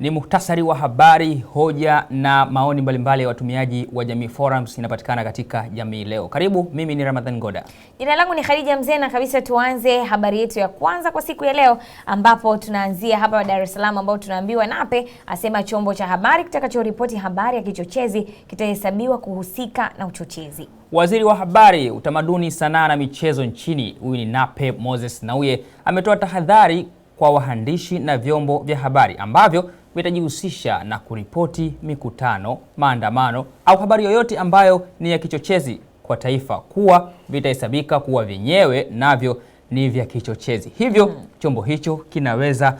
Ni muhtasari wa habari, hoja na maoni mbalimbali ya watumiaji wa Jamii Forums, inapatikana katika Jamii Leo. Karibu, mimi ni Ramadhan Goda. Jina langu ni Khadija Mzena. Kabisa tuanze habari yetu ya kwanza kwa siku ya leo, ambapo tunaanzia hapa Dar es Salaam, ambao tunaambiwa Nape asema chombo cha habari kitakachoripoti habari ya kichochezi kitahesabiwa kuhusika na uchochezi. Waziri wa Habari, Utamaduni, Sanaa na Michezo nchini, huyu ni Nape Moses Nauye, ametoa tahadhari kwa wahandishi na vyombo vya habari ambavyo vitajihusisha na kuripoti mikutano, maandamano au habari yoyote ambayo ni ya kichochezi kwa taifa kuwa vitahesabika kuwa vyenyewe navyo ni vya kichochezi. Hivyo hmm, chombo hicho kinaweza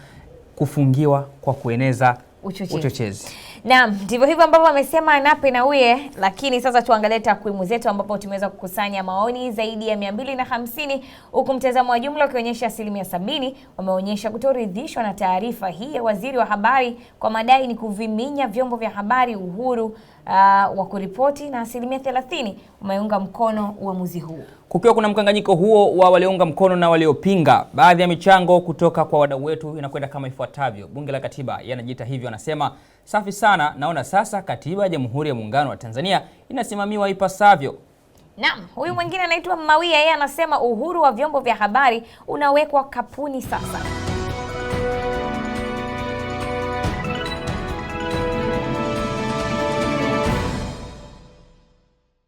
kufungiwa kwa kueneza uchochezi, uchochezi. Naam, ndivyo hivyo ambavyo amesema Nape Nnauye, lakini sasa tuangalie takwimu zetu ambapo tumeweza kukusanya maoni zaidi ya 250 huku mtazamo wa jumla ukionyesha asilimia sabini wameonyesha kutoridhishwa na taarifa hii ya waziri wa habari kwa madai ni kuviminya vyombo vya habari uhuru uh, wa kuripoti na asilimia 30 umeunga mkono uamuzi huu. Kukiwa kuna mkanganyiko huo wa waliounga mkono na waliopinga, baadhi ya michango kutoka kwa wadau wetu inakwenda kama ifuatavyo. Bunge la Katiba yanajiita hivyo, anasema safi sana, naona sasa katiba ya Jamhuri ya Muungano wa Tanzania inasimamiwa ipasavyo. Naam, huyu mwingine anaitwa Mawia, yeye anasema uhuru wa vyombo vya habari unawekwa kapuni sasa.